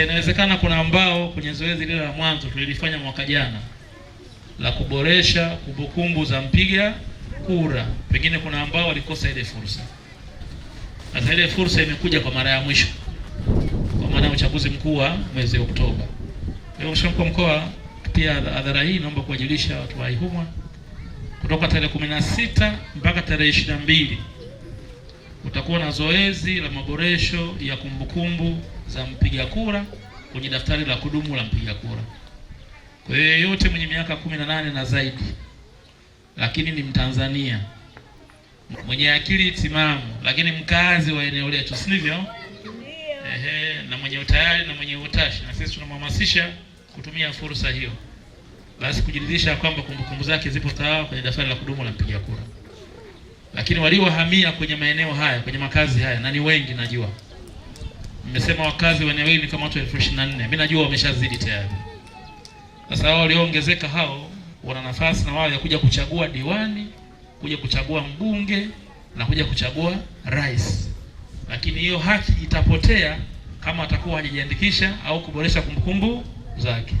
Sasa inawezekana kuna ambao kwenye zoezi lile la mwanzo tulilifanya mwaka jana la kuboresha kumbukumbu za mpiga kura, pengine kuna ambao walikosa ile fursa. Sasa ile fursa imekuja kwa mara ya mwisho kwa maana ya uchaguzi mkuu wa mwezi Oktoba. Kwa hiyo mkuu mkoa, pia hadhara hii naomba kuwajulisha watu wa Ihumwa kutoka tarehe 16 mpaka tarehe 22 utakuwa na zoezi la maboresho ya kumbukumbu za mpiga kura kwenye daftari la kudumu la mpiga kura. Kwa hiyo yeyote mwenye miaka kumi na nane na zaidi, lakini ni Mtanzania mwenye akili timamu, lakini mkazi wa eneo letu, si ndivyo? Ehe, na mwenye utayari na mwenye utashi, na sisi tunamhamasisha kutumia fursa hiyo, basi kujiridhisha kwamba kumbukumbu zake zipo sawa kwenye daftari la kudumu la mpiga kura. Lakini waliohamia kwenye maeneo haya, kwenye makazi haya, na ni wengi najua Mmesema wakazi wa eneo hili ni kama watu elfu ishirini na nne. Mimi najua wameshazidi tayari. Sasa hao walioongezeka hao wana nafasi na wao ya kuja kuchagua diwani, kuja kuchagua mbunge na kuja kuchagua rais, lakini hiyo haki itapotea kama atakuwa hajajiandikisha au kuboresha kumbukumbu zake.